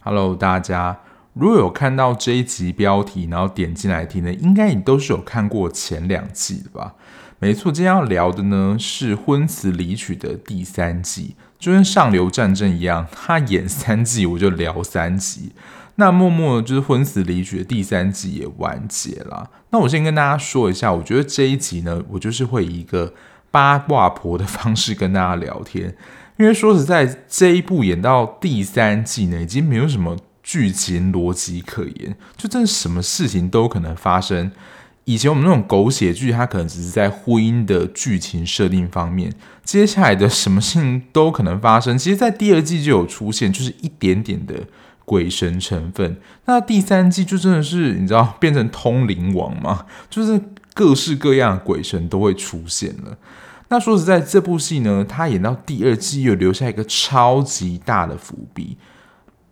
Hello，大家！如果有看到這一集標題，然後點進來聽呢，應該你都是有看過前兩季的吧？沒錯，今天要聊的呢是《婚詞離曲》的第三季。就跟《上流戰爭》一樣，他演三季，我就聊三集。那默默就是婚詞離曲的第三季也完結了。那我先跟大家說一下，我覺得這一集呢，我就是會以一個八卦婆的方式跟大家聊天。因為說實在，這一部演到第三季呢，已經沒有什麼劇情邏輯可言，就真的什麼事情都可能發生。以前我們那種狗血劇，它可能只是在婚姻的劇情設定方面，接下來的什麼事情都可能發生。其實，在第二季就有出現，就是一點點的鬼神成分。那第三季就真的是你知道，變成通靈王嘛，就是各式各樣的鬼神都會出現了。那說實在，這部戲呢，它演到第二季又留下一個超級大的伏筆。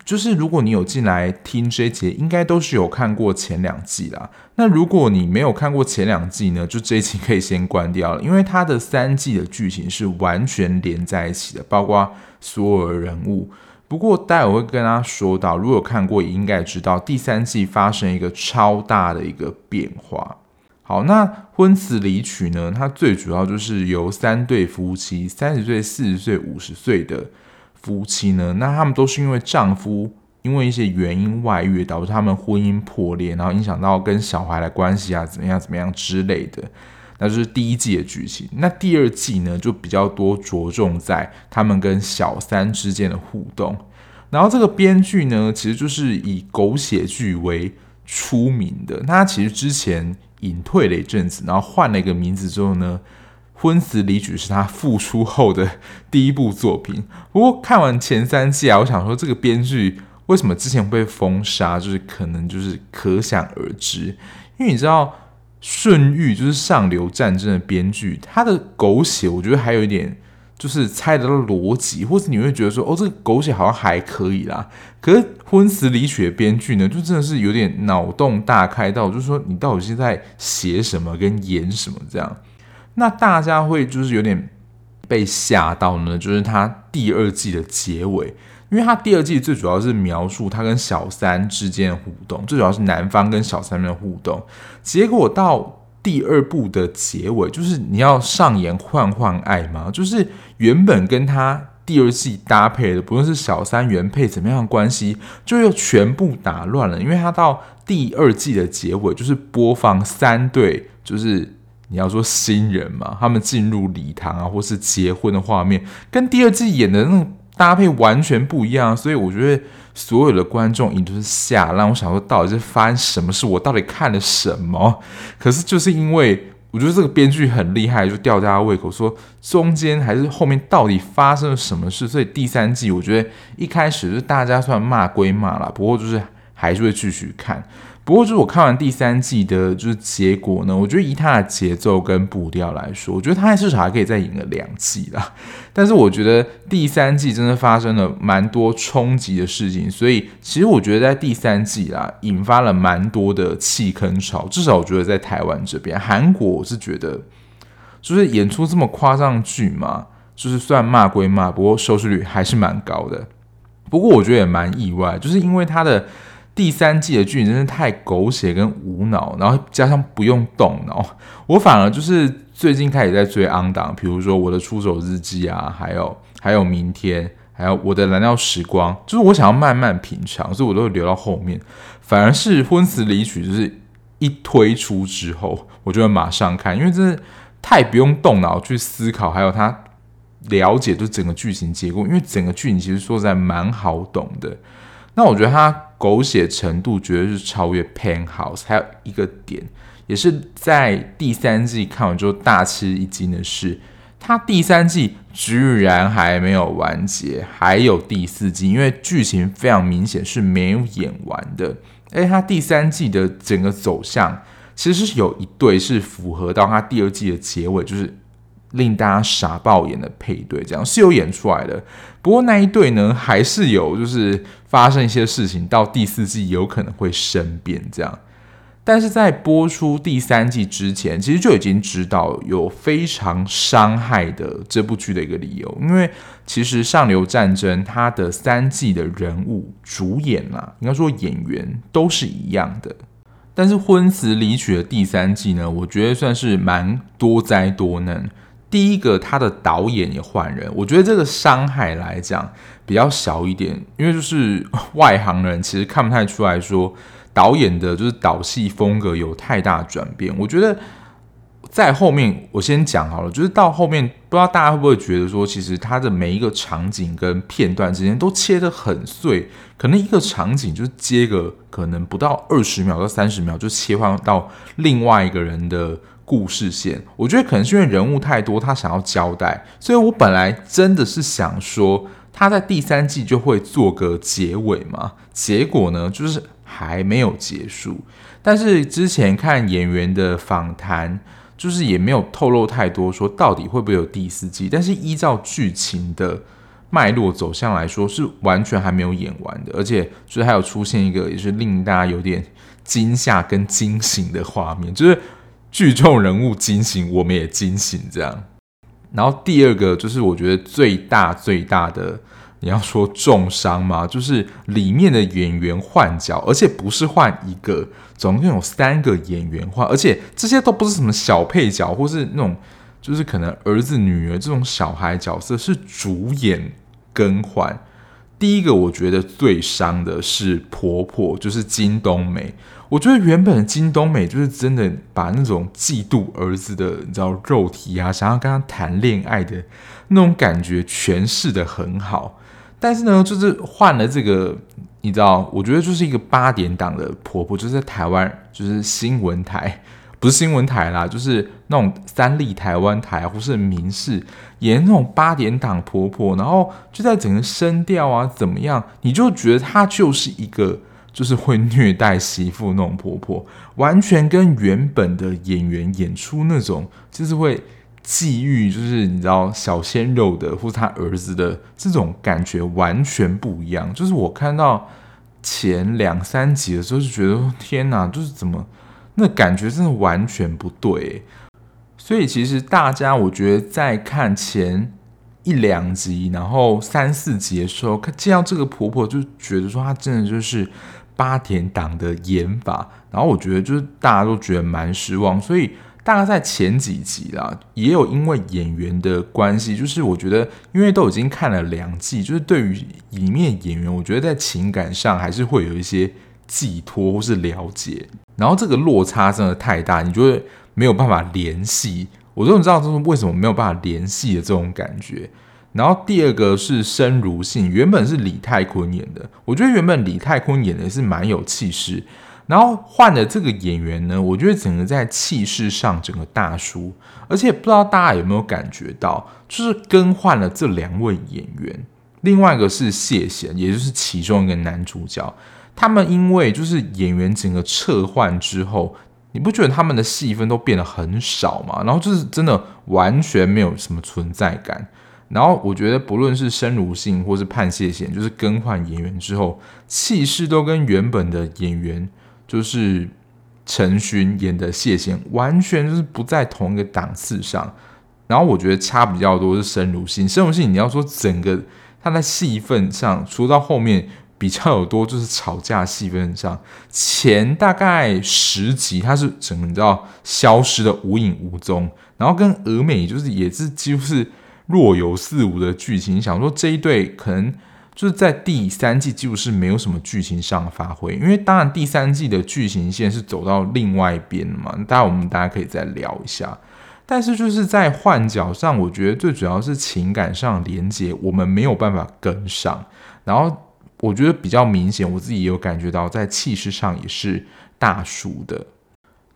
就是如果你有進來聽這一集，應該都是有看過前兩季啦。那如果你沒有看過前兩季呢，就這一集可以先關掉了，因為它的三季的劇情是完全連在一起的，包括所有人物。不過待會我會跟大家說到，如果有看過也應該知道第三季發生一個超大的一個變化。好，那婚詞離曲呢？它最主要就是由三對夫妻，三十歲、四十歲、五十歲的。夫妻呢，那他們都是因為丈夫因為一些原因外遇，導致他們婚姻破裂，然後影響到跟小孩的關係啊，怎麼樣怎麼樣之類的。那就是第一季的劇情。那第二季呢，就比較多着重在他們跟小三之間的互動。然後這個編劇呢，其實就是以狗血劇為出名的。那他其實之前隱退了一陣子，然後換了一個名字之後呢。婚詞離曲》是他復出後的第一部作品。不過看完前三季啊，我想說這個編劇為什麼之前被封殺，就是可能就是可想而知。因為你知道，順玉就是上流戰爭的編劇，他的狗血我覺得還有一點就是猜得到邏輯，或者你會覺得說哦，這個狗血好像還可以啦。可是《婚詞離曲》的編劇呢，就真的是有點腦洞大開到，就是說你到底是在寫什麼跟演什麼這樣。那大家會就是有點被嚇到呢，就是他第二季的結尾，因為他第二季最主要是描述他跟小三之間的互動，最主要是男方跟小三的互動。結果到第二部的結尾，就是你要上演換換愛嗎？就是原本跟他第二季搭配的，不論是小三原配怎麼樣的關係，就又全部打亂了。因為他到第二季的結尾，就是播放三對，就是。你要說新人嘛，他們進入禮堂啊，或是結婚的畫面，跟第二季演的那種搭配完全不一樣，所以我覺得所有的觀眾已經是嚇爛，讓我想說，到底是發生什麼事？我到底看了什麼？可是就是因為我覺得這個編劇很厲害，就吊大家胃口，說中間還是後面到底發生了什麼事？所以第三季我覺得一開始就是大家算罵歸罵啦，不過就是還是會繼續看。不過，就是我看完第三季的，就是結果呢，我覺得以他的節奏跟步調來說，我覺得他還至少還可以再演個兩季啦。但是，我覺得第三季真的發生了蠻多衝擊的事情，所以其實我覺得在第三季啦，引發了蠻多的棄坑潮。至少我覺得在台灣這邊，韓國我是覺得，就是演出這麼誇張劇嘛，就是算罵歸罵，不過收視率還是蠻高的。不過，我覺得也蠻意外，就是因為他的。第三季的劇情真是太狗血跟無腦，然後加上不用動腦，我反而就是最近開始在追 on 檔，比如說我的出走日記啊，還有還有明天，還有我的藍調時光，就是我想要慢慢品嚐，所以我都會留到後面。反而是婚詞離曲，就是一推出之後，我就會馬上看，因為真是太不用動腦去思考，還有他了解就整個劇情結構，因為整個劇情其實說實在蠻好懂的。那我覺得他。狗血程度絕對是超越《Penthouse》，還有一個點，也是在第三季看完之後大吃一驚的是，他第三季居然還沒有完結，還有第四季，因為劇情非常明顯是沒有演完的。哎，他第三季的整個走向，其實是有一對是符合到他第二季的結尾，就是。令大家傻爆眼的配對，這樣是有演出來的。不過那一對呢，還是有就是發生一些事情，到第四季有可能會生變這樣。但是在播出第三季之前，其實就已經知道有非常傷害的這部劇的一個理由，因為其實《上流戰爭》它的三季的人物主演啦、啊，應該說演員都是一樣的。但是《婚詞離曲》的第三季呢，我覺得算是蠻多災多難。第一個，他的導演也換人，我覺得這個傷害來講比較小一點，因為就是外行人其實看不太出來說導演的就是導戲風格有太大轉變。我覺得在後面我先講好了，就是到後面不知道大家會不會覺得說，其實他的每一個場景跟片段之間都切得很碎，可能一個場景就接個可能不到二十秒到三十秒就切換到另外一個人的故事線，我覺得可能是因為人物太多，他想要交代，所以我本來真的是想說他在第三季就會做個結尾嘛。結果呢，就是還沒有結束。但是之前看演員的訪談，就是也沒有透露太多，說到底會不會有第四季。但是依照劇情的脈絡走向來說，是完全還沒有演完的。而且就是還有出現一個也是令大家有點驚嚇跟驚醒的畫面，就是。劇中人物驚醒，我們也驚醒，這樣。然後第二個就是，我覺得最大最大的，你要說重傷嗎？就是裡面的演員換角，而且不是換一個，總共有三個演員換，而且這些都不是什麼小配角，或是那種就是可能兒子、女兒這種小孩角色，是主演更換。第一個我覺得最傷的是婆婆，就是金冬梅。我覺得原本的金東美就是真的把那種嫉妒兒子的，你知道，肉體啊，想要跟他談戀愛的那種感覺詮釋的很好。但是呢，就是換了這個，你知道，我覺得就是一個八點檔的婆婆，就是在台灣，就是新聞台，不是新聞台啦，就是那種三立台灣台或是民視演那種八點檔婆婆，然後就在整個聲調啊怎麼樣，你就覺得她就是一個。就是會虐待媳婦那種婆婆，完全跟原本的演員演出那種就是會覬覦，就是你知道小鮮肉的或者他兒子的這種感覺完全不一樣。就是我看到前兩三集的時候就覺得天哪，就是怎麼那感覺真的完全不對。所以其實大家我覺得在看前一兩集，然後三四集的時候看見到這個婆婆就覺得說她真的就是。八點檔的演法，然後我覺得就是大家都覺得蠻失望，所以大概在前幾集啦，也有因為演員的關係，就是我覺得因為都已經看了兩季，就是對於裡面演員，我覺得在情感上還是會有一些寄托或是了解，然後這個落差真的太大，你就會沒有辦法聯繫。我終於知道這是為什麼沒有辦法聯繫的這種感覺。然後第二個是申如信，原本是李泰坤演的，我覺得原本李泰坤演的是蠻有氣勢。然後換了這個演員呢，我覺得整個在氣勢上整個大輸，而且不知道大家有沒有感覺到，就是更換了這兩位演員，另外一個是謝賢，也就是其中一個男主角。他們因為就是演員整個撤換之後，你不覺得他們的戲份都變得很少嘛？然後就是真的完全沒有什麼存在感。然後我覺得，不論是申如信或是判謝賢，就是更換演員之後，氣勢都跟原本的演員就是成勛演的謝賢，完全就是不在同一個檔次上。然後我覺得差比較多是申如信，申如信，你要說整個他的戲份上，除到後面比較有多就是吵架戲份上，前大概十集他是整個你知道消失的無影無蹤，然後跟峨美就是也是幾乎是。若有似無的劇情，想說這一對可能就是在第三季幾乎是沒有什麼劇情上發揮，因為當然第三季的劇情線是走到另外一邊嘛，當然我們大家可以再聊一下。但是就是在換角上，我覺得最主要是情感上連接我們沒有辦法跟上，然後我覺得比較明顯，我自己也有感覺到在氣勢上也是大輸的。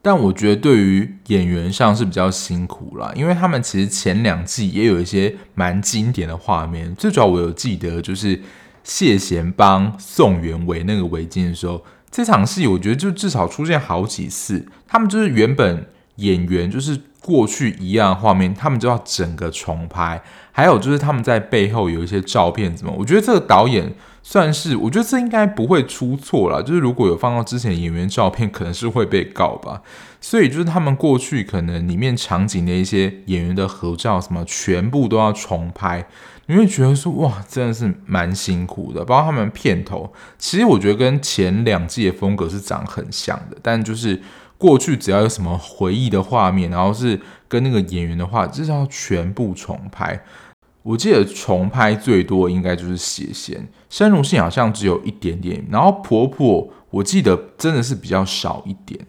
但我覺得對於演員上是比較辛苦啦，因為他們其實前兩季也有一些蠻經典的畫面。最主要我有記得就是謝賢幫宋元偉那個圍巾的時候，這場戲我覺得就至少出現好幾次。他們就是原本。演員就是過去一樣的畫面，他們就要整個重拍。還有就是他們在背後有一些照片、什麼？我覺得這個導演算是，我覺得這應該不會出錯了。就是如果有放到之前演員照片，可能是會被告吧。所以就是他們過去可能裡面場景的一些演員的合照什麼，全部都要重拍。你會覺得說，哇，真的是蠻辛苦的。包括他們片頭，其實我覺得跟前兩季的風格是長很像的，但就是。過去只要有什麼回憶的畫面，然後是跟那個演員的話，至少要全部重拍。我記得重拍最多應該就是邪仙，三榮信好像只有一點點，然後婆婆我記得真的是比較少一點。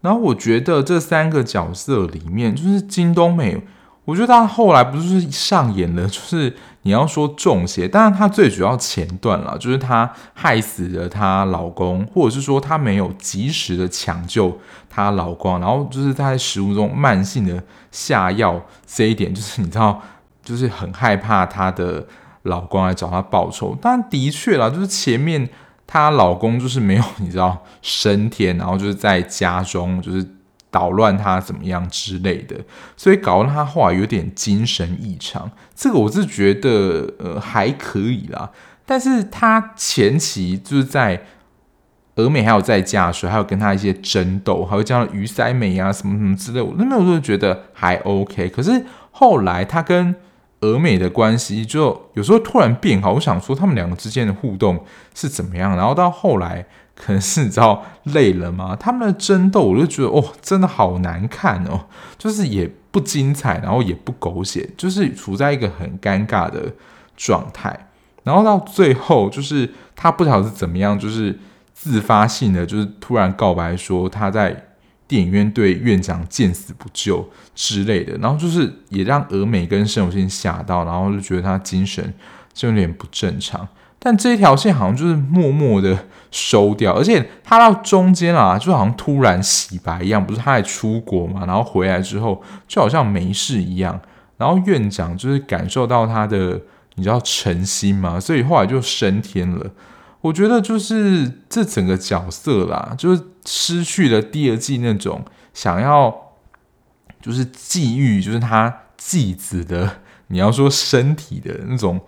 然後我覺得這三個角色裡面，就是金東美，我覺得她後來不是上演了，就是你要說中邪，當然她最主要前段了，就是她害死了她老公，或者是說她沒有及時的搶救她老公，然後就是她在食物中慢性的下藥這一點，就是你知道，就是很害怕她的老公來找她報仇。但的確啦，就是前面她老公就是沒有你知道升天，然後就是在家中就是。搗亂他怎麼樣之類的，所以搞得他後來有點精神異常。這個我是覺得呃還可以啦，但是他前期就是在，俄美還有在架時，還有跟他一些爭鬥，還有叫魚鰓美啊什麼什麼之類，那那我就覺得還 OK。可是後來他跟俄美的關係就有時候突然變好，我想說他們兩個之間的互動是怎麼樣，然後到後來。可能是你知道累了嗎？他們的爭鬥，我就覺得哦，真的好難看哦，就是也不精彩，然後也不狗血，就是處在一個很尷尬的狀態。然後到最後，就是他不曉得是怎麼樣，就是自發性的，就是突然告白說他在電影院對院長見死不救之類的。然後就是也讓峨眉跟沈永新嚇到，然後就覺得他精神就有點不正常。但這一條線好像就是默默的收掉，而且他到中間啊，就好像突然洗白一樣，不是他還出國嘛，然後回來之後就好像沒事一樣，然後院長就是感受到他的，你知道誠心嘛，所以後來就升天了。我覺得就是這整個角色啦，就是失去了第二季那種想要就是覬覦，就是他繼子的，你要說身體的那種。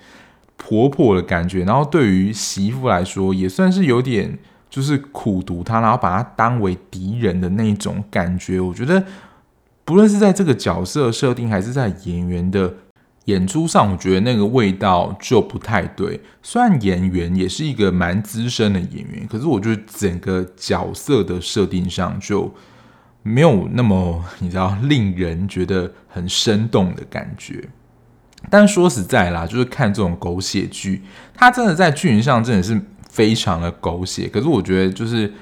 婆婆的感覺，然後對於媳婦來說，也算是有點就是苦毒她，然後把她當為敵人的那一種感覺。我覺得，不論是在這個角色設定，還是在演員的演出上，我覺得那個味道就不太對。雖然演員也是一個蠻資深的演員，可是我覺得整個角色的設定上就沒有那麼你知道令人覺得很生動的感覺。但說實在啦，就是看這種狗血劇，它真的在劇情上真的是非常的狗血。可是我覺得，就是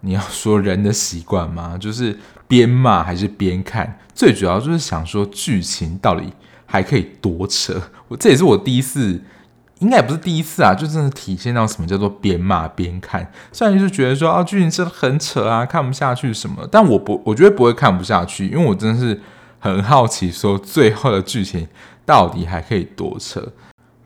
你要說人的習慣嘛？就是邊罵還是邊看？最主要就是想說劇情到底還可以多扯。我這也是我第一次，應該也不是第一次啊，就真的體現到什麼叫做邊罵邊看。雖然就是覺得說啊，劇情真的很扯啊，看不下去什麼，但我不，我覺得不會看不下去，因為我真的是很好奇說最後的劇情。到底還可以多扯？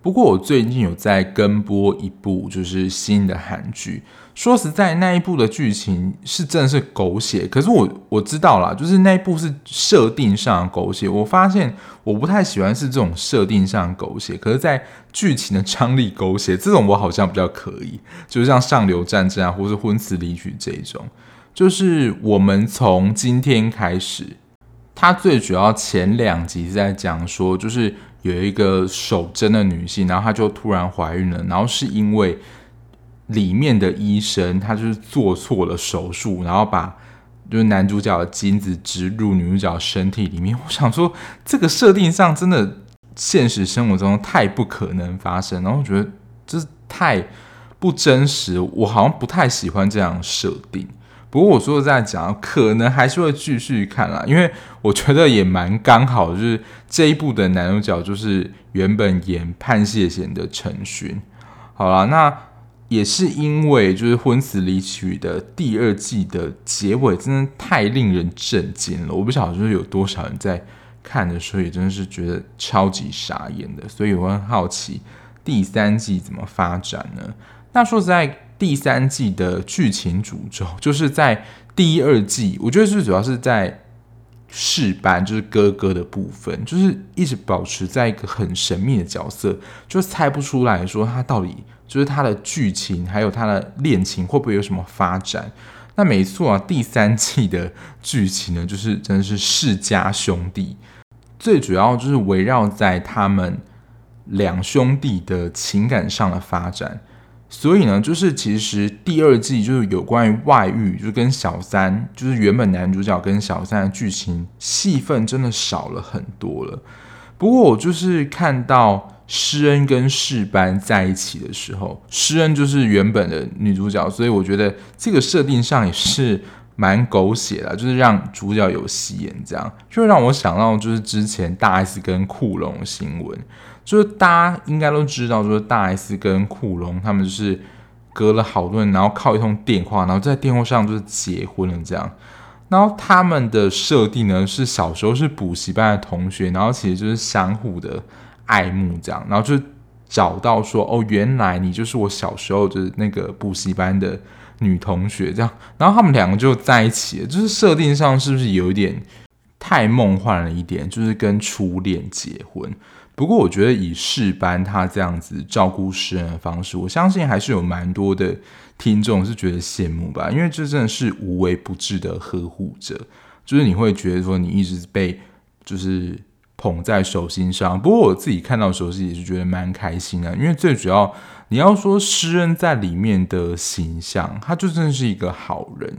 不過我最近有在跟播一部就是新的韓劇。說實在，那一部的劇情是真的是狗血。可是我我知道啦，就是那一部是設定上狗血。我發現我不太喜歡是這種設定上狗血。可是，在劇情的張力狗血這種，我好像比較可以。就是像上流戰爭啊，或是婚詞離曲這種。就是我們從今天開始。他最主要前兩集在講說，就是有一個守貞的女性，然後她就突然懷孕了，然後是因為裡面的醫生，他就是做錯了手術，然後把就是男主角的精子植入女主角的身體裡面。我想說，這個設定上真的現實生活中太不可能發生，然後我覺得就是太不真實，我好像不太喜歡這樣設定。不過我說在講，可能還是會繼續看啦，因為我覺得也蠻剛好的，就是這一部的男主角就是原本演《判謝賢》的陳勳，好了，那也是因為就是《婚詞離曲》的第二季的結尾，真的太令人震驚了。我不曉得就是有多少人在看的時候，也真的是覺得超級傻眼的，所以我很好奇第三季怎麼發展呢？那說實在。第三季的劇情主軸，就是在第一二季，我覺得最主要是在世班，就是哥哥的部分，就是一直保持在一個很神秘的角色，就猜不出來說他到底就是他的劇情，還有他的戀情會不會有什麼發展？那沒錯啊，第三季的劇情呢，就是真的是誓家兄弟，最主要就是圍繞在他們兩兄弟的情感上的發展。所以呢，就是其實第二季就是有關於外遇，就跟小三，就是原本男主角跟小三的劇情戲份真的少了很多了。不過我就是看到詩恩跟士班在一起的時候，詩恩就是原本的女主角，所以我覺得這個設定上也是蠻狗血的，就是讓主角有戲演這樣，就讓我想到就是之前大 S 跟酷龍新聞。就是大家應該都知道，就是大 S 跟酷龍他們就是隔了好多人，然後靠一通電話，然後在電話上就是結婚了這樣。然後他們的設定呢是小時候是補習班的同學，然後其實就是相互的愛慕這樣，然後就找到說哦，原來你就是我小時候的那個補習班的女同學這樣。然後他們兩個就在一起，就是設定上是不是有一點太夢幻了一點？就是跟初戀結婚。不過，我覺得以誓班他這樣子照顧施恩的方式，我相信還是有蠻多的聽眾是覺得羨慕吧，因為這真的是無微不至的呵護着，就是你會覺得說你一直被就是捧在手心上。不過我自己看到的時候是也是覺得蠻開心的，因為最主要你要說施恩在裡面的形象，他就真的是一個好人。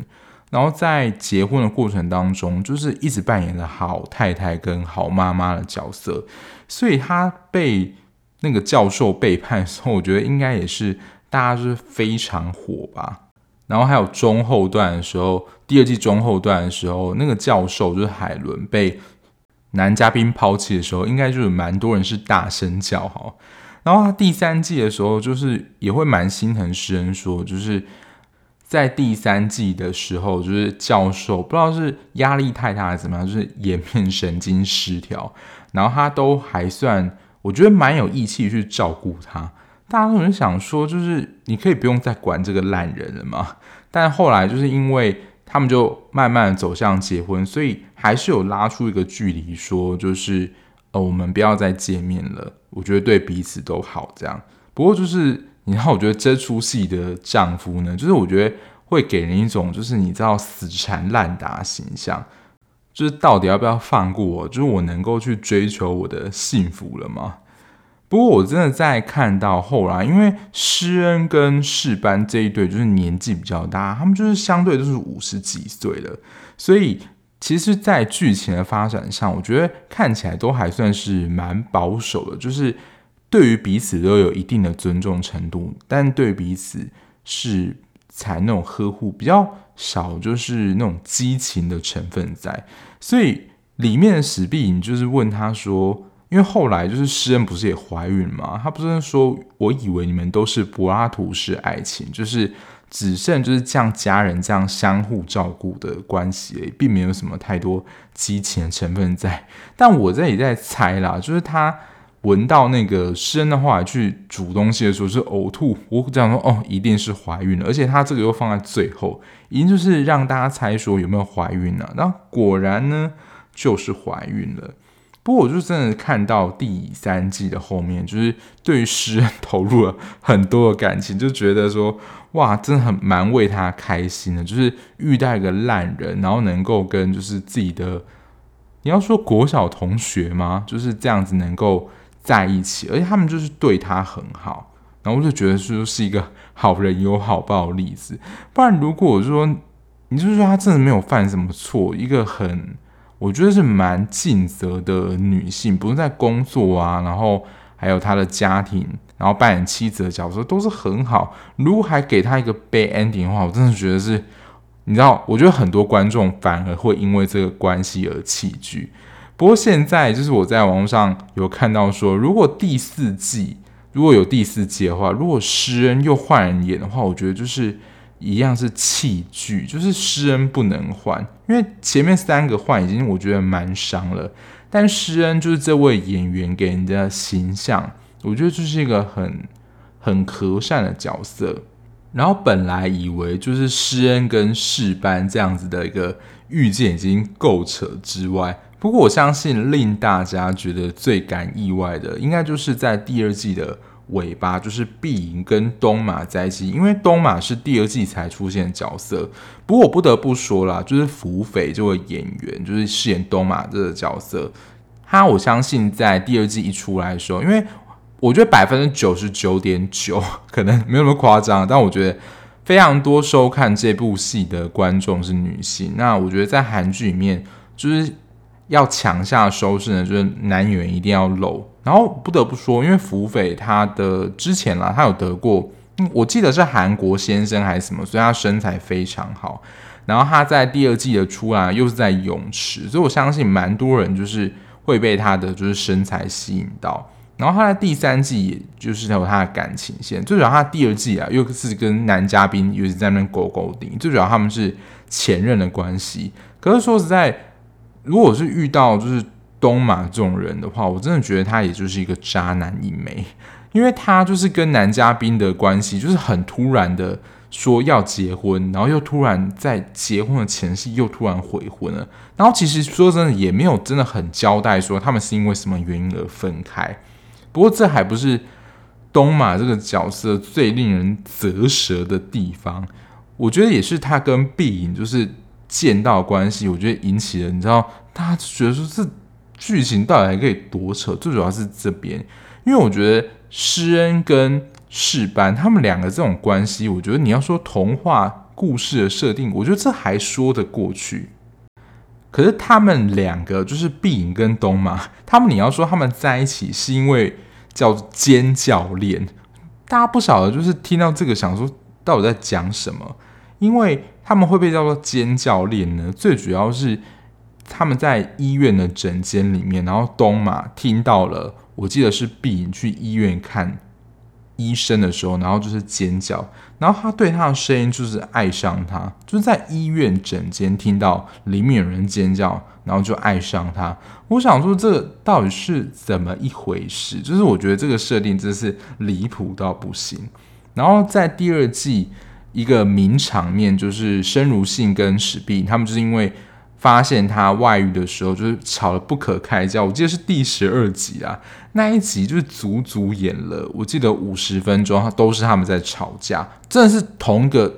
然後在結婚的過程當中，就是一直扮演著好太太跟好媽媽的角色，所以她被那個教授背叛的時候，我覺得應該也是大家就是非常火吧。然後還有中後段的時候，第二季中後段的時候，那個教授就是海倫被男嘉賓拋棄的時候，應該就是蠻多人是大聲叫好。然後他第三季的時候，就是也會蠻心疼施恩說，就是。在第三季的時候，就是教授不知道是壓力太大還是怎麼樣，就是顏面神經失調。然後他都還算，我覺得蠻有義氣去照顧他。大家都很想說，就是你可以不用再管這個爛人了嘛。但後來就是因為他們就慢慢的走向結婚，所以還是有拉出一個距離，說就是呃，我們不要再見面了。我覺得對彼此都好這樣。不過就是。然後我覺得這出戲的丈夫呢，就是我覺得會給人一種就是你知道死纏爛打形象，就是到底要不要放過我？就是我能夠去追求我的幸福了嗎？不過我真的在看到後來，因為施恩跟誓班這一對就是年紀比較大，他們就是相對都是五十幾歲了，所以其實，在劇情的發展上，我覺得看起來都還算是蠻保守的，就是。對於彼此都有一定的尊重程度，但對彼此是才那種呵護比較少，就是那種激情的成分在。所以裡面的史畢，你就是問他說，因為後來就是詩人不是也懷孕嗎？他不是說我以為你們都是柏拉圖式愛情，就是只剩就是像家人這樣相互照顧的關係，並沒有什麼太多激情的成分在。但我這裡在猜啦，就是他。聞到那個詩恩的話，去煮東西的時候是嘔吐，我這樣說哦，一定是懷孕了，而且他這個又放在最後，一定就是讓大家猜說有沒有懷孕呢、啊？那果然呢就是懷孕了。不過我就真的看到第三季的後面，就是對於詩恩投入了很多的感情，就覺得說哇，真的很蠻為他開心的，就是遇到一個爛人，然後能夠跟就是自己的，你要說國小同學嗎？就是這樣子能夠。在一起，而且他們就是對他很好，然後我就覺得說是一個好人有好報的例子。不然，如果我就說你就是說他真的沒有犯什麼錯，一個很我覺得是蠻盡責的女性，不是在工作啊，然後還有她的家庭，然後扮演妻子的角色都是很好。如果還給她一個 bad ending 的話，我真的覺得是，你知道，我覺得很多觀眾反而會因為這個關係而棄劇。不過現在就是我在網絡上有看到說，如果第四季，如果有第四季的話，如果施恩又換人演的話，我覺得就是一樣是棄劇，就是施恩不能換，因為前面三個換已經我覺得蠻傷了。但施恩就是這位演員給人家形象，我覺得就是一個很很和善的角色。然後本來以為就是施恩跟誓班這樣子的一個遇見已經夠扯之外。不過我相信，令大家覺得最感意外的，應該就是在第二季的尾巴，就是碧瑩跟東馬在一起。因為東馬是第二季才出現的角色。不過我不得不說啦，就是福肥這位演員，就是飾演東馬這個角色，他我相信在第二季一出來的時候，因為我覺得百分之九十九點九可能沒有那麼誇張，但我覺得非常多收看這部戲的觀眾是女性。那我覺得在韓劇裡面，就是。要強下收視呢，就是男演員一定要露。然後不得不說，因為福斐他的之前啦，他有得過，我記得是韓國先生還是什麼，所以他身材非常好。然後他在第二季的出來又是在泳池，所以我相信蠻多人就是會被他的就是身材吸引到。然後他在第三季也就是有他的感情線，最主要他第二季啊，又是跟男嘉賓又是在那勾勾頂，最主要他們是前任的關係。可是說實在。如果是遇到就是東馬這種人的話，我真的覺得他也就是一個渣男一枚，因為他就是跟男嘉賓的關係就是很突然的說要結婚，然後又突然在結婚的前夕又突然悔婚了，然後其實說真的也沒有真的很交代說他們是因為什麼原因而分開，不過這還不是東馬這個角色最令人咋舌的地方，我覺得也是他跟碧瑩就是。劍道關係，我覺得引起了你知道，大家覺得說這劇情到底還可以多扯？最主要是這邊，因為我覺得詩恩跟士班他們兩個這種關係，我覺得你要說童話故事的設定，我覺得這還說得過去。可是他們兩個就是碧影跟東馬，他們你要說他們在一起是因為叫三角戀，大家不曉得就是聽到這個想說到底在講什麼，因為。他們會被叫做尖叫戀呢？最主要是他們在醫院的診間裡面，然後東嘛，聽到了。我記得是碧瑩去醫院看醫生的時候，然後就是尖叫，然後他對他的聲音就是愛上他，就是在醫院診間聽到裡面有人尖叫，然後就愛上他。我想說，這到底是怎麼一回事？就是我覺得這個設定真是離譜到不行。然後在第二季。一個名場面就是生如性跟史畢，他們就是因為發現他外遇的時候，就是吵得不可開交。我記得是第十二集啊，那一集就是足足演了，我記得五十分鐘，都是他們在吵架，真的是同個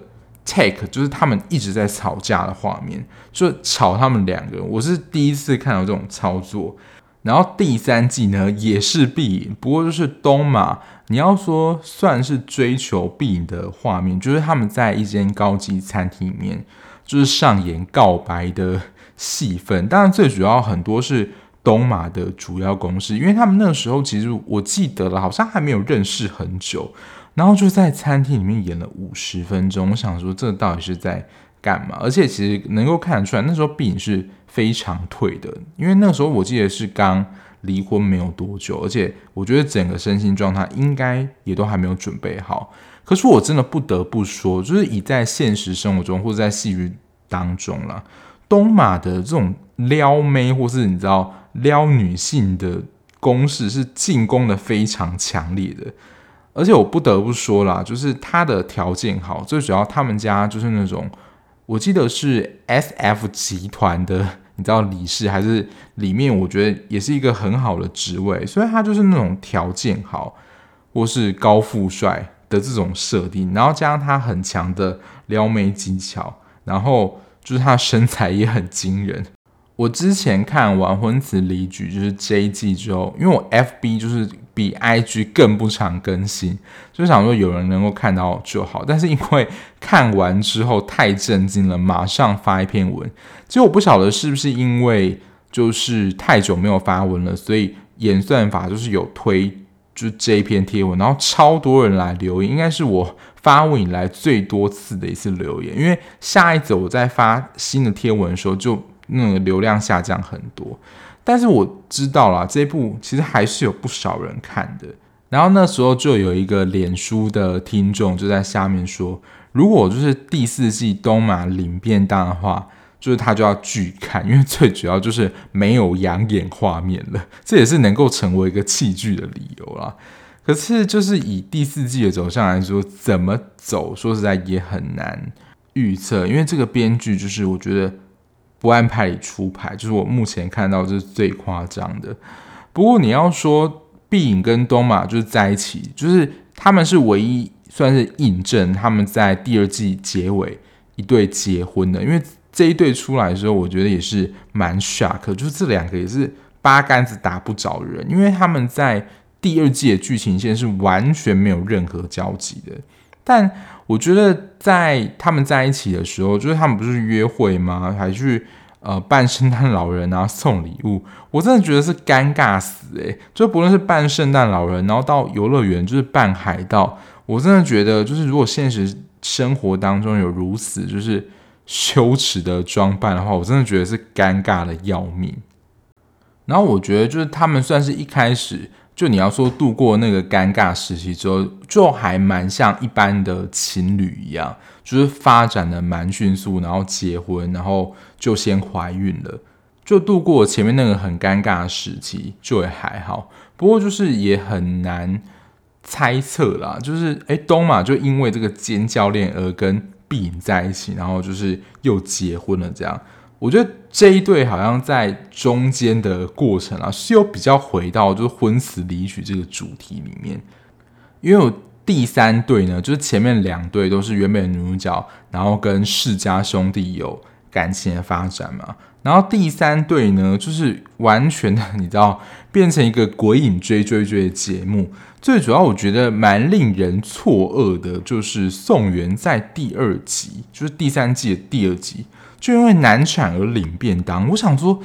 take，就是他們一直在吵架的畫面，就吵他們兩個。我是第一次看到這種操作。然後第三季呢，也是畢，不過就是東馬你要說算是追求碧影的畫面，就是他們在一間高級餐廳裡面，就是上演告白的戲份。當然，最主要很多是東馬的主要公式，因為他們那個時候其實我記得了，好像還沒有認識很久，然後就在餐廳裡面演了五十分鐘。我想說，這到底是在幹嘛？而且其實能夠看得出來，那時候碧影是非常退的，因為那個時候我記得是剛。離婚沒有多久，而且我覺得整個身心狀態應該也都還沒有準備好。可是我真的不得不說，就是以在現實生活中或者在戲劇當中啦。東馬的這種撩妹或是你知道撩女性的攻勢是進攻的非常強烈的。而且我不得不說啦，就是他的條件好，最主要他們家就是那種我記得是 SF 集團的。你知道理事還是裡面？我覺得也是一個很好的職位，所以他就是那種條件好，或是高富帥的這種設定，然後加上他很強的撩妹技巧，然後就是他身材也很驚人。我之前看完婚詞離曲，就是這一季之後，因為我 F B 就是。比 IG 更不常更新，就想說有人能夠看到就好。但是因為看完之後太震驚了，馬上發一篇文。其實我不曉得是不是因為就是太久沒有發文了，所以演算法就是有推就這一篇貼文，然後超多人來留言，應該是我發文以來最多次的一次留言。因為下一次我再發新的貼文的時候，就那個流量下降很多。但是我知道啦，這一部其實還是有不少人看的。然後那時候就有一個臉書的聽眾就在下面說：“如果就是第四季東馬領便當的話，就是他就要拒看，因為最主要就是沒有養眼畫面了。這也是能夠成為一個棄劇的理由啦。可是就是以第四季的走向來說，怎麼走，說實在也很難預測，因為這個編劇就是我覺得。”不按牌理出牌，就是我目前看到這是最誇張的。不過你要說碧影，跟東馬就是在一起，就是他們是唯一算是印證他們在第二季結尾一對結婚的。因為這一對出來的時候，我覺得也是蠻 shock 的，就這兩個也是八竿子打不着人，因為他們在第二季的劇情線是完全沒有任何交集的。但我覺得在他們在一起的時候，就是他們不是約會嗎？還去呃扮聖誕老人啊，然後送禮物。我真的覺得是尷尬死誒、欸，就不論是扮聖誕老人，然後到遊樂園就是扮海盜，我真的覺得就是如果現實生活當中有如此就是羞恥的裝扮的話，我真的覺得是尷尬的要命。然後我覺得就是他們算是一開始。就你要說度過那個尷尬時期之後，就還蠻像一般的情侶一樣，就是發展的蠻迅速，然後結婚，然後就先懷孕了，就度過前面那個很尷尬的時期，就也還好。不過就是也很難猜測啦，就是哎、欸、東馬就因為這個尖教練而跟碧影在一起，然後就是又結婚了這樣。我覺得這一對好像在中間的過程啊，是有比較回到就是“婚詞離曲”這個主題裡面，因為有第三對呢，就是前面兩對都是原本的女主角，然後跟世家兄弟有感情的發展嘛，然後第三對呢，就是完全的，你知道變成一個鬼影追追追的節目。最主要我覺得蠻令人錯愕的，就是宋元在第二集，就是第三季的第二集，就因為難產而領便當，我想說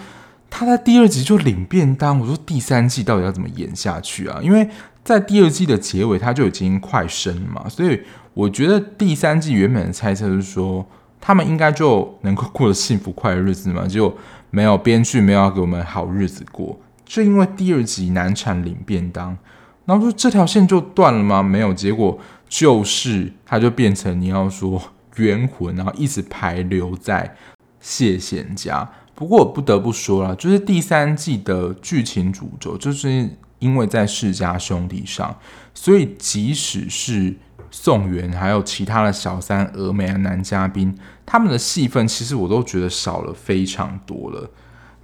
他在第二集就領便當，我說第三季到底要怎麼演下去啊？因為在第二季的結尾他就已經快生了嘛，所以我覺得第三季原本的猜測是說他們應該就能夠過得幸福快樂的日子嘛，結果沒有，編劇沒有要給我們好日子過，就因為第二集難產領便當，然後說這條線就斷了嗎？沒有，結果就是他就變成你要說。冤魂然後一直排留在謝賢家。不過我不得不說啦，就是第三季的劇情主軸就是因為在誓家兄弟上，所以即使是宋元還有其他的小三、峨眉男嘉賓，他們的戲份其實我都覺得少了非常多了。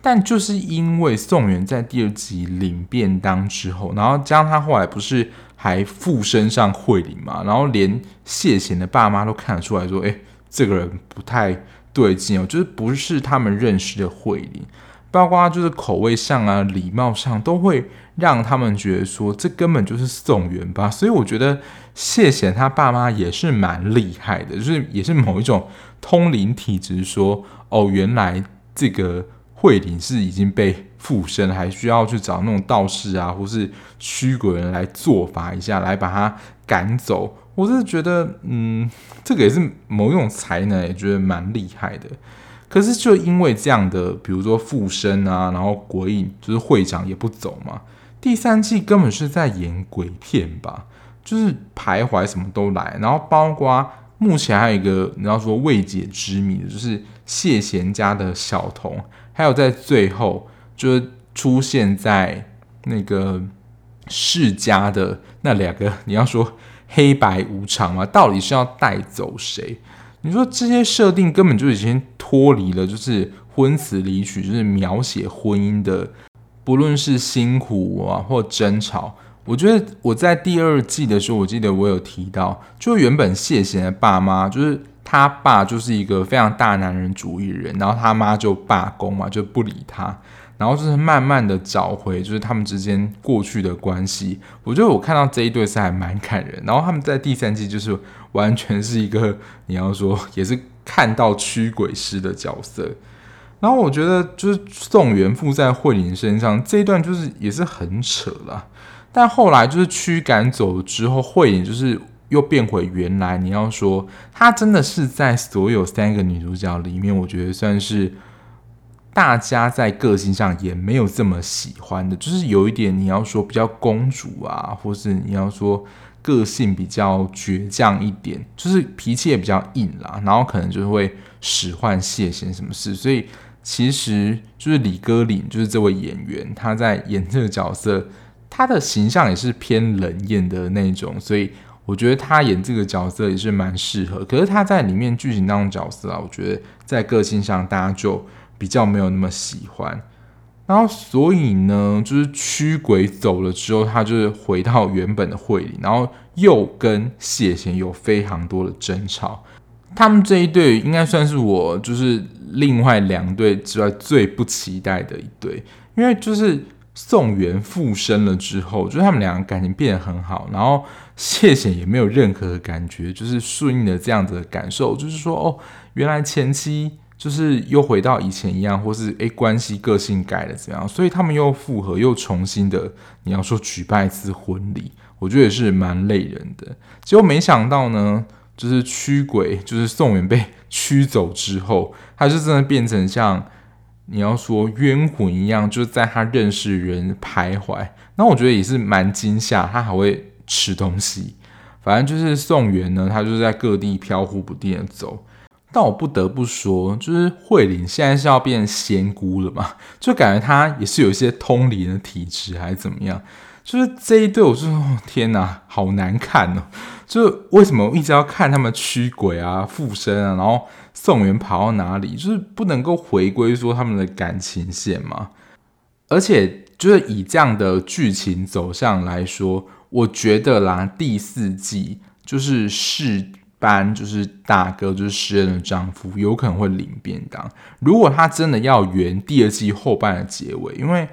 但就是因為宋元在第二集領便當之後，然後加上他後來不是。還附身上慧靈嘛，然後連謝賢的爸媽都看得出來說，哎、欸，這個人不太對勁哦，就是不是他們認識的慧靈，包括就是口味上啊、禮貌上，都會讓他們覺得說，這根本就是宋元吧。所以我覺得謝賢他爸媽也是蠻厲害的，就是也是某一種通靈體質，說哦，原來這個。會靈是已經被附身，還需要去找那種道士啊，或是驅鬼人來做法一下，來把他趕走。我是覺得，嗯，這個也是某一種才能，也覺得蠻厲害的。可是就因為這樣的，比如說附身啊，然後鬼影就是會長也不走嘛。第三季根本是在演鬼片吧，就是徘徊什麼都來，然後包括目前還有一個你要說未解之謎，就是誓賢家的小童。還有在最後，就是出現在那個世家的那兩個，你要說黑白無常嗎？到底是要帶走誰？你說這些設定根本就已經脫離了，就是婚詞離曲，就是描寫婚姻的，不論是辛苦啊或爭吵。我覺得我在第二季的時候，我記得我有提到，就原本謝賢的爸媽就是。他爸就是一個非常大男人主義的人，然後他媽就罷工嘛，就不理他，然後就是慢慢的找回，就是他們之間過去的關係。我覺得我看到這一對是還蠻感人。然後他們在第三季就是完全是一個你要說也是看到驅鬼師的角色。然後我覺得就是宋元富在慧玲身上這一段就是也是很扯了，但後來就是驅趕走之後，慧玲就是。又變回原來。你要說她真的是在所有三個女主角裡面，我覺得算是大家在個性上也沒有這麼喜歡的。就是有一點你要說比較公主啊，或是你要說個性比較倔強一點，就是脾氣也比較硬啦。然後可能就會使喚謝賢什麼事。所以其實就是李歌林，就是這位演員，他在演這個角色，他的形象也是偏冷艳的那種，所以。我覺得他演這個角色也是蠻適合，可是他在裡面劇情當中角色啊，我覺得在個性上大家就比較沒有那麼喜歡。然後所以呢，就是驅鬼走了之後，他就是回到原本的會裡，然後又跟謝賢有非常多的爭吵。他們這一對應該算是我就是另外兩對之外最不期待的一對，因為就是。宋元復生了之後，就是他們兩個感情變得很好，然後謝顯也沒有任何的感覺，就是順應的這樣子的感受，就是說哦，原來前妻就是又回到以前一樣，或是誒、欸、關係個性改了怎樣，所以他們又復合，又重新的，你要說舉辦一次婚禮，我覺得也是蠻累人的。結果沒想到呢，就是驅鬼，就是宋元被驅走之後，他就真的變成像。你要說冤魂一樣，就在他認識人徘徊，那我覺得也是蠻驚嚇。他還會吃東西，反正就是宋元呢，他就是在各地飄忽不定的走。但我不得不說，就是慧琳現在是要變仙姑了嘛，就感覺她也是有一些通靈的體質還是怎麼樣。就是這一對，我說天哪，好難看哦！就為什麼我一直要看他們驅鬼啊、附身啊，然後。宋元跑到哪裡，就是不能夠回歸說他們的感情線嘛？而且就是以這樣的劇情走向來說，我覺得啦，第四季就是世班，就是大哥，就是詩恩的丈夫有可能會領便當。如果他真的要圓第二季後半的結尾，因為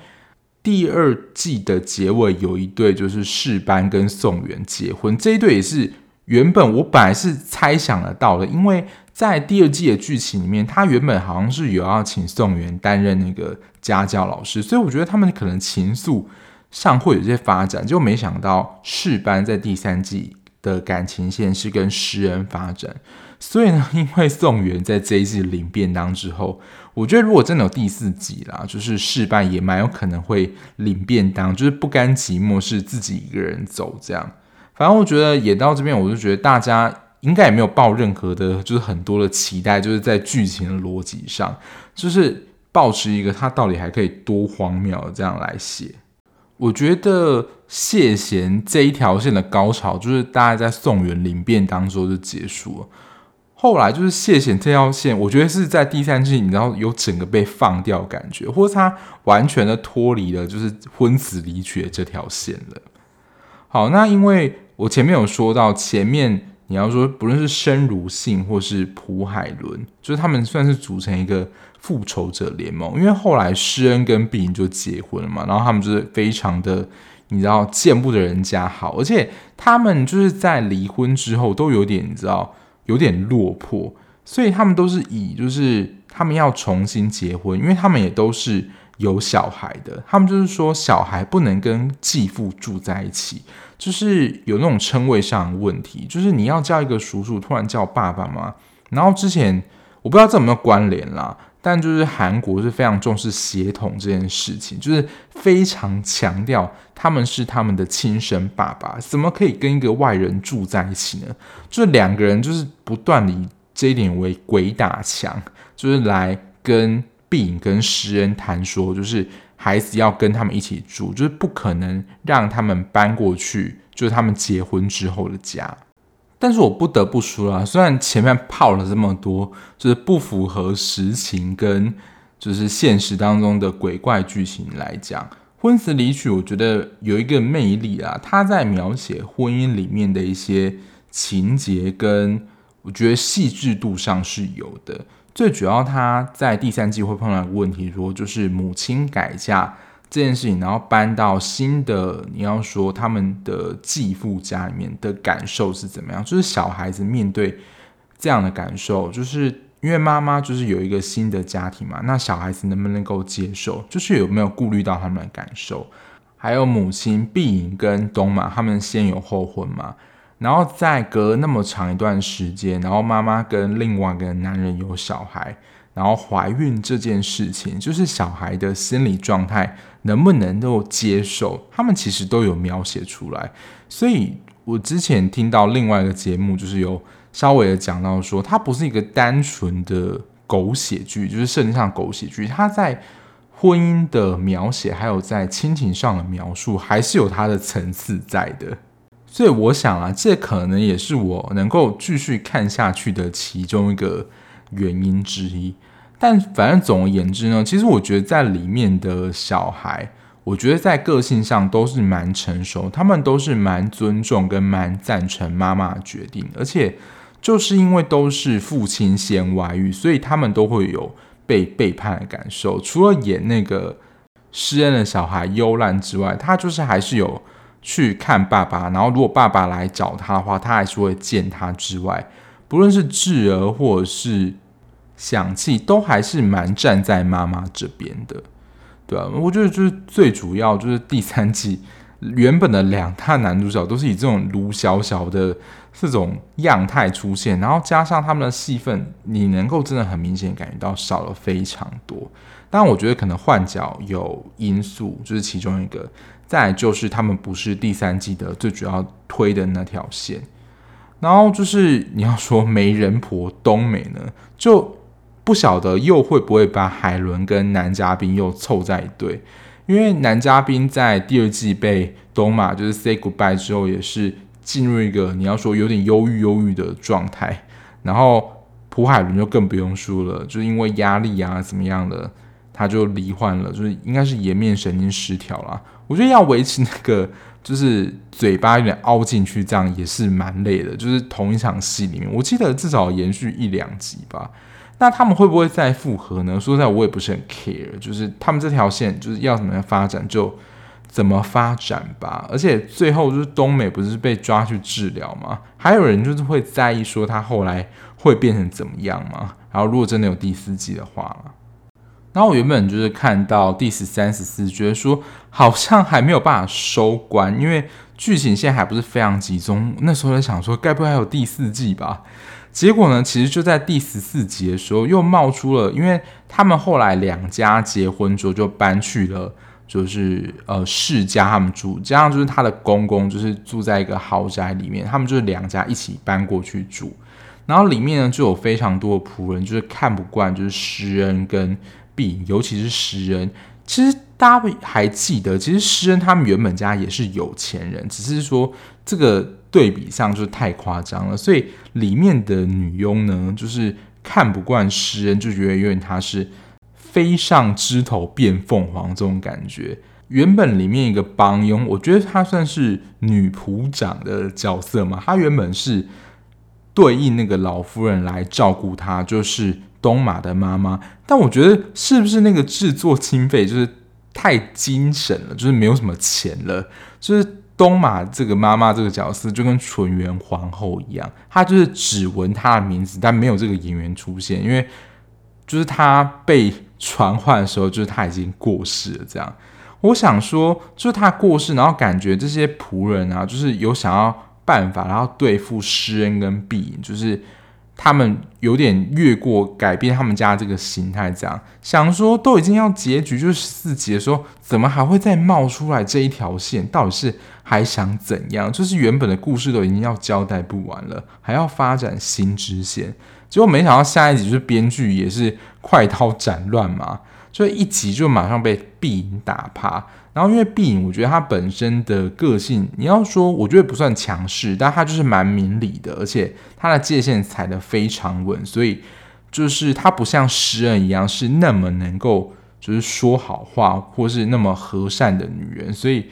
第二季的結尾有一對就是世班跟宋元結婚，這一對也是。原本我本來是猜想得到的，因為在第二季的劇情裡面，他原本好像是有要請宋元擔任那個家教老師，所以我覺得他們可能情愫上會有些發展，就沒想到誓班在第三季的感情線是跟詩恩發展。所以呢，因為宋元在這一季領便當之後，我覺得如果真的有第四季啦，就是誓班也蠻有可能會領便當，就是不甘寂寞，是自己一個人走這樣。反正我覺得演到這邊，我就覺得大家應該也沒有抱任何的，就是很多的期待，就是在劇情的邏輯上，就是抱持一個他到底還可以多荒謬這樣來寫。我覺得謝賢這一條線的高潮就是大家在宋元靈變當中就結束了，後來就是謝賢這條線，我覺得是在第三季，你知道有整個被放掉感覺，或者他完全的脫離了就是婚詞離曲這條線了。好，那因為。我前面有說到，前面你要說不論是生如信或是普海倫，就是他們算是組成一個復仇者聯盟，因為後來施恩跟碧瑩就結婚了嘛，然後他們就是非常的，你知道，見不得人家好，而且他們就是在離婚之後都有點，你知道，有點落魄，所以他們都是以就是他們要重新結婚，因為他們也都是。有小孩的，他們就是說小孩不能跟繼父住在一起，就是有那種稱謂上的問題，就是你要叫一個叔叔，突然叫爸爸嗎？然後之前我不知道這有沒有關聯啦，但就是韓國是非常重視血統這件事情，就是非常強調他們是他們的親生爸爸，怎麼可以跟一個外人住在一起呢？就是兩個人就是不斷以這一點為鬼打牆，就是來跟。並跟詩人談說，就是孩子要跟他們一起住，就是不可能讓他們搬過去，就是他們結婚之後的家。但是我不得不說啊，雖然前面泡了這麼多，就是不符合實情跟就是現實當中的鬼怪劇情來講，《婚詞離曲》我覺得有一個魅力啊，他在描寫婚姻裡面的一些情節，跟我覺得細致度上是有的。最主要，他在第三季會碰到一個問題，說就是母親改嫁這件事情，然後搬到新的，你要說他們的繼父家裡面的感受是怎麼樣？就是小孩子面對這樣的感受，就是因為媽媽就是有一個新的家庭嘛，那小孩子能不能夠接受？就是有沒有顧慮到他們的感受？還有母親碧瑩跟東馬，他們先有後婚嘛，然後再隔那麼長一段時間，然後媽媽跟另外一個男人有小孩，然後懷孕這件事情，就是小孩的心理狀態能不能夠接受，他們其實都有描寫出來。所以我之前聽到另外一個節目，就是有稍微的講到說，它不是一個單純的狗血劇，就是市面上的狗血劇，它在婚姻的描寫，還有在親情上的描述，還是有它的層次在的。所以我想啊，這可能也是我能夠繼續看下去的其中一個原因之一。但反正總而言之呢，其實我覺得在裡面的小孩，我覺得在個性上都是蠻成熟，他們都是蠻尊重跟蠻贊成媽媽的決定。而且就是因為都是父親先外遇，所以他們都會有被背叛的感受。除了演那個誓恩的小孩幽蘭之外，他就是還是有。去看爸爸，然後如果爸爸來找他的話，他還是會見他之外，不論是智兒或者是想氣，都還是蠻站在媽媽這邊的，對啊，我覺得就是最主要就是第三季原本的兩大男主角都是以這種盧小小的這種樣態出現，然後加上他們的戲份，你能夠真的很明顯感覺到少了非常多。但我覺得可能換角有因素，就是其中一個。再來就是他們不是第三季的最主要推的那條線，然後就是你要說媒人婆東美呢，就不曉得又會不會把海倫跟男嘉賓又湊在一對，因為男嘉賓在第二季被東馬就是 say goodbye 之後，也是進入一個你要說有點憂鬱憂鬱的狀態，然後朴海倫就更不用說了，就是因為壓力啊怎麼樣的。他就罹患了，就是應該是顏面神經失調啦。我覺得要維持那個，就是嘴巴有點凹進去，這樣也是蠻累的。就是同一場戲裡面，我記得至少延續一兩集吧。那他們會不會再復合呢？說實在，我也不是很 care。就是他們這條線就是要怎麼樣發展就怎麼發展吧。而且最後就是東美不是被抓去治療嗎？還有人就是會在意說他後來會變成怎麼樣嗎？然後如果真的有第四季的話。然後我原本就是看到第十三十四，覺得說好像還沒有辦法收官，因為劇情現在還不是非常集中。那時候在想說，該不會還有第四季吧？結果呢，其實就在第十四集的時候，又冒出了，因為他們後來兩家結婚，之後就搬去了，就是呃誓家他們住，加上就是他的公公，就是住在一個豪宅裡面，他們就是兩家一起搬過去住。然後裡面呢，就有非常多的僕人，就是看不慣，就是詩恩跟。尤其是施恩，其實大家還記得，其實施恩他們原本家也是有錢人，只是說這個對比上就是太誇張了。所以裡面的女傭呢，就是看不慣施恩，就覺得因為他是飛上枝頭變鳳凰這種感覺。原本裡面一個幫傭，我覺得她算是女僕長的角色嘛，她原本是對應那個老夫人來照顧她，就是。東馬的媽媽，但我覺得是不是那個製作經費就是太精省了，就是沒有什麼錢了。就是東馬這個媽媽這個角色就跟純元皇後一樣，她就是只聞她的名字，但沒有這個演員出現，因為就是她被傳喚的時候，就是她已經過世了。這樣，我想說，就是她過世，然後感覺這些僕人啊，就是有想要辦法，然後對付施恩跟碧瑩，就是。他們有點越過改變他們家這個形態，這樣，想說都已經要結局就是四集的時候，怎麼還會再冒出來這一條線？到底是還想怎樣？就是原本的故事都已經要交代不完了，還要發展新支線。結果沒想到下一集就是編劇也是快刀斬亂麻。所以一集就馬上被碧影打趴，然後因為碧影我覺得她本身的個性，你要說我覺得不算強勢，但她就是蠻明理的，而且她的界限踩得非常穩，所以就是她不像詩人一樣是那麼能夠就是說好話，或是那麼和善的女人，所以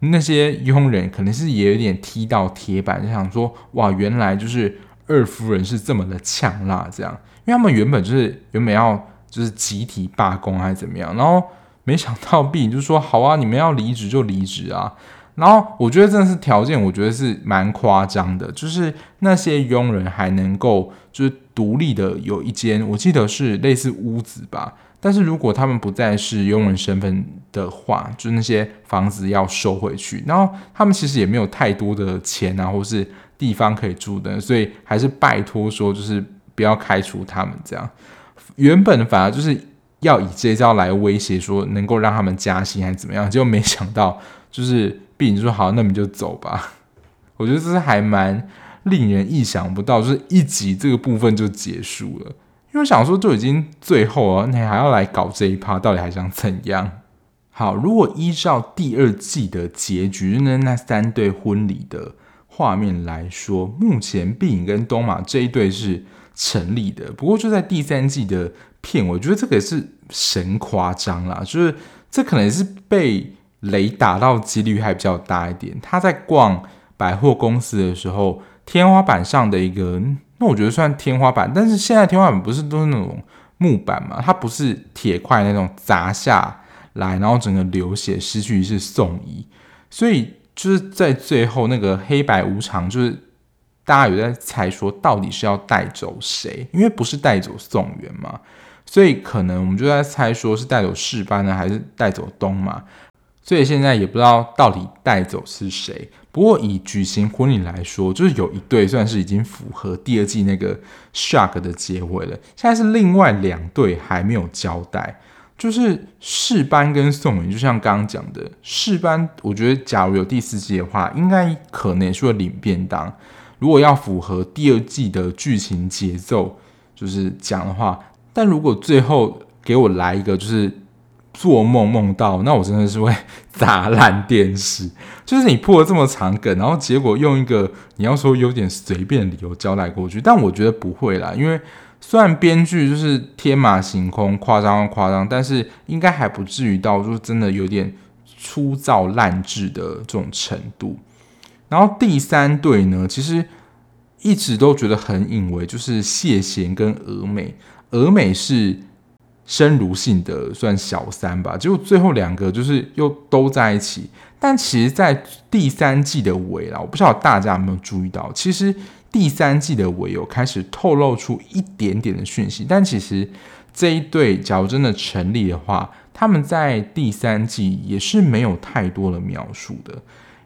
那些傭人可能是也有點踢到鐵板，就想說哇，原來就是二夫人是這麼的嗆辣這樣，因為他們原本就是原本要。就是集體罷工還是怎麼樣？然後沒想到 B 就說：“好啊，你們要離職就離職啊。”然後我覺得這是條件，我覺得是蠻誇張的。就是那些傭人還能夠就是獨立的有一間，我記得是類似屋子吧。但是如果他們不再是傭人身份的話，就那些房子要收回去。然後他們其實也沒有太多的錢啊，或是地方可以住的，所以還是拜託說，就是不要開除他們這樣。原本反而就是要以這招來威脅，說能夠讓他們加薪還是怎麼樣？結果沒想到就是碧影說好，那你就走吧。我覺得這是還蠻令人意想不到，就是一集這個部分就結束了。因為想說就已經最後了，你還要來搞這一趴，到底還想怎樣？好，如果依照第二季的結局呢，那那三對婚禮的畫面來說，目前碧影跟東馬這一對是。成立的，不過就在第三季的片尾，我覺得這個也是神誇張啦，就是這可能是被雷打到幾率還比較大一點。他在逛百貨公司的時候，天花板上的一個，那我覺得算天花板，但是現在天花板不是都是那種木板嘛？它不是鐵塊那種砸下來，然後整個流血，失去意識送醫。所以就是在最後那個黑白無常就是。大家有在猜說，到底是要帶走誰？因為不是帶走宋元嘛，所以可能我們就在猜，說是帶走士班呢，還是帶走東嘛。所以現在也不知道到底帶走是誰。不過以舉行婚禮來說，就是有一對算是已經符合第二季那個 shock 的結尾了。現在是另外兩對還沒有交代，就是士班跟宋元，就像剛剛講的，士班，我覺得假如有第四季的話，應該可能也是會領便當。如果要符合第二季的劇情節奏，就是講的話，但如果最後給我來一個就是做夢夢到，那我真的是會砸爛電視。就是你鋪了這麼長梗，然後結果用一個你要說有點隨便的理由交代過去，但我覺得不會啦，因為雖然編劇就是天馬行空、誇張誇張，但是應該還不至於到就是真的有點粗糙爛製的這種程度。然後第三對呢，其實一直都覺得很隱晦，就是謝賢跟娥美。娥美是生如性的算小三吧，結果最後兩個就是又都在一起。但其實，在第三季的尾了，我不曉得大家有沒有注意到，其實第三季的尾有開始透露出一點點的訊息。但其實這一對，假如真的成立的話，他們在第三季也是沒有太多的描述的。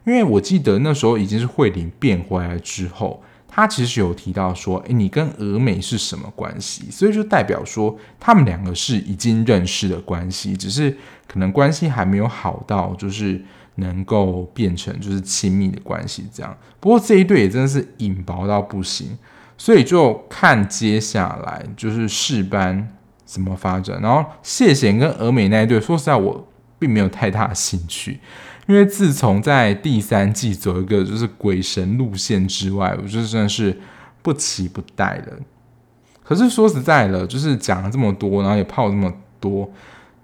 因為我記得那時候已經是慧玲變回來之後，他其實有提到說：“誒，你跟娥美是什麼關係？”所以就代表說他們兩個是已經認識的關係，只是可能關係還沒有好到就是能夠變成就是親密的關係這樣。不過這一對也真的是隱薄到不行，所以就看接下來就是誓班怎麼發展。然後謝賢跟娥美那一對，說實在我並沒有太大的興趣。因為自從在第三季走一個就是鬼神路線之外，我覺得真的是不期不待的。可是說實在的，就是講了這麼多，然後也泡了這麼多，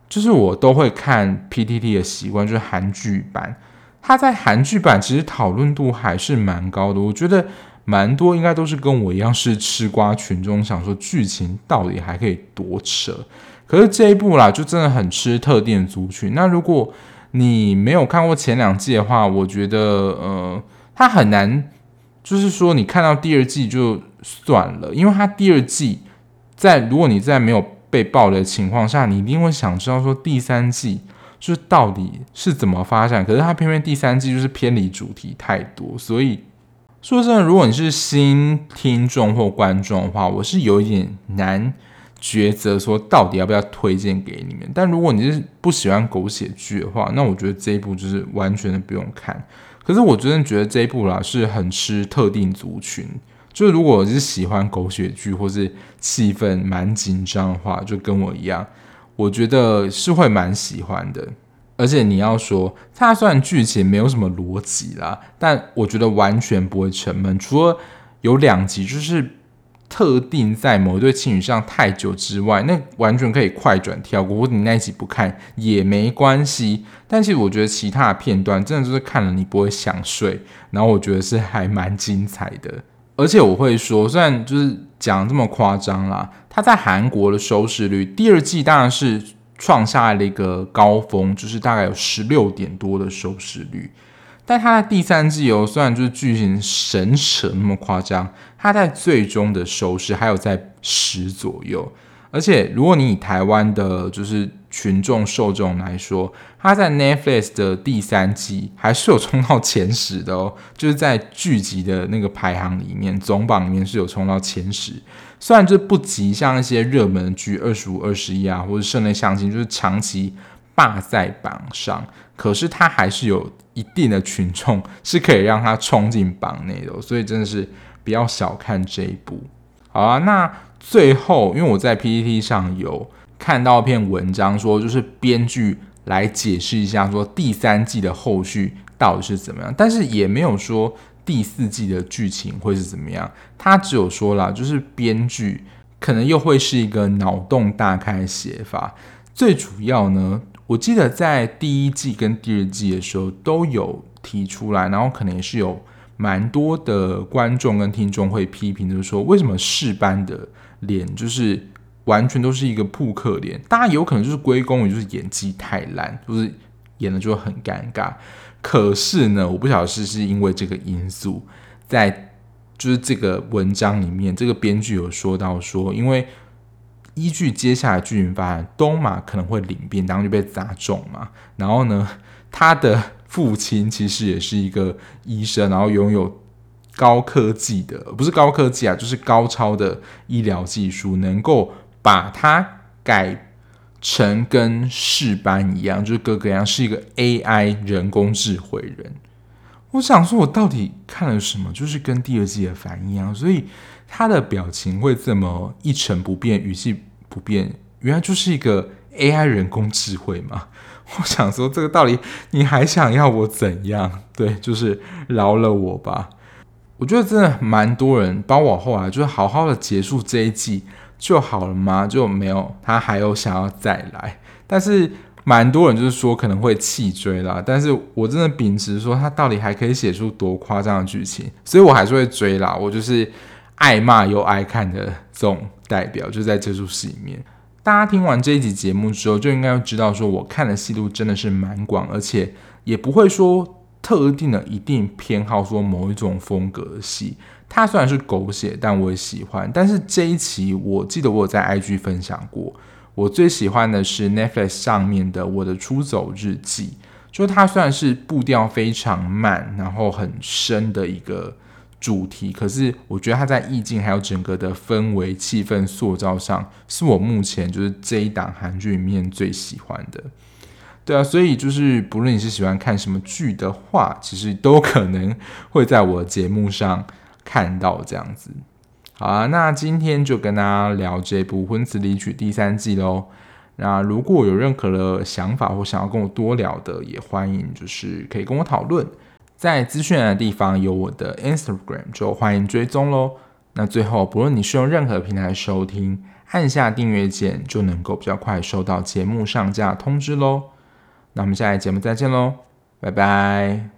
就是我都會看 PTT 的習慣，就是韓劇版。它在韓劇版其實討論度還是蠻高的，我覺得蠻多應該都是跟我一樣是吃瓜群眾，想說劇情到底還可以多扯。可是這一部啦，就真的很吃特定族群。那如果你沒有看過前兩季的話，我覺得，呃，它很難，就是說，你看到第二季就算了，因為它第二季在如果你在沒有被爆的情況下，你一定會想知道說第三季就是到底是怎麼發展。可是它偏偏第三季就是偏離主題太多，所以說真的，如果你是新聽眾或觀眾的話，我是有一點難。抉擇說到底要不要推薦給你們，但如果你是不喜歡狗血劇的話，那我覺得這一部就是完全的不用看。可是我真的覺得這一部啦是很吃特定族群，就是如果我是喜歡狗血劇或是氣氛蠻緊張的話，就跟我一樣，我覺得是會蠻喜歡的。而且你要說它雖然劇情沒有什麼邏輯啦，但我覺得完全不會沉悶，除了有兩集就是。特定在某一對情侶上太久之外，那完全可以快轉跳過，或者你那一集不看也沒關係。但其實我覺得其他的片段真的就是看了你不會想睡，然後我覺得是還蠻精彩的。而且我會說，雖然就是講這麼誇張啦，它在韓國的收視率第二季當然是創下了一個高峰，就是大概有十六點多的收視率。但它的第三季哦、喔，雖然就是劇情神扯那麼誇張。它在最終的收視還有在十左右，而且如果你以台灣的就是群眾受眾來說，它在 Netflix 的第三季還是有衝到前十的哦，就是在劇集的那個排行裡面，總榜裡面是有衝到前十。雖然這不及像一些熱門劇二十五、二十一啊，或者《社內相親》就是長期霸在榜上，可是它還是有一定的群眾是可以讓它衝進榜內的哦，所以真的是。不要小看這一部，好啊。那最後，因為我在 PTT 上有看到一篇文章，說就是編劇來解釋一下，說第三季的後續到底是怎麼樣，但是也沒有說第四季的劇情會是怎麼樣。他只有說了，就是編劇可能又會是一個腦洞大開的寫法。最主要呢，我記得在第一季跟第二季的時候都有提出來，然後可能也是有。蠻多的觀眾跟聽眾會批評，就是說為什麼世班的臉就是完全都是一個撲克臉？大家有可能就是歸功於就是演技太爛，就是演的就很尷尬。可是呢，我不曉得是是因為這個因素，在就是這個文章裡面，這個編劇有說到說，因為依據接下來劇情發展，東馬可能會領便當然後就被砸中嘛。然後呢，他的。父親其實也是一個醫生，然後擁有高科技的，不是高科技啊，就是高超的醫療技術，能夠把他改成跟誓班一樣，就是哥哥一樣，是一個 AI 人工智能人。我想說，我到底看了什麼？就是跟第二季的反應一、啊、樣，所以他的表情會這麼一成不變，語氣不變，原來就是一個 AI 人工智能嘛。我想說這個道理，你還想要我怎樣？對，就是饒了我吧。我覺得真的蠻多人包括我後來，就是好好的結束這一季就好了嗎？就沒有他還有想要再來，但是蠻多人就是說可能會棄追啦。但是我真的秉持說，他到底還可以寫出多誇張的劇情，所以我還是會追啦。我就是愛罵又愛看的這種代表，就在這出戲裡面。大家聽完這一集節目之後，就應該要知道說，我看的戲路真的是蠻廣，而且也不會說特定的一定偏好說某一種風格的戲。它雖然是狗血，但我也喜歡。但是這一期，我記得我有在 IG 分享過，我最喜歡的是 Netflix 上面的《我的出走日記》，就它雖然是步調非常慢，然後很深的一個。主題。可是，我覺得它在意境還有整個的氛圍、氣氛塑造上，是我目前就是這一檔韓劇裡面最喜歡的。對啊，所以就是不論你是喜歡看什麼劇的話，其實都可能會在我的節目上看到這樣子。好啊，那今天就跟大家聊這部《婚詞離曲》第三季嘍。那如果有任何的想法或想要跟我多聊的，也歡迎就是可以跟我討論。在資訊的地方有我的 Instagram，就歡迎追蹤嘍。那最後，不論你是用任何平台收聽，按下訂閱鍵就能夠比較快收到節目上架通知嘍。那我們下一期節目再見嘍，拜拜。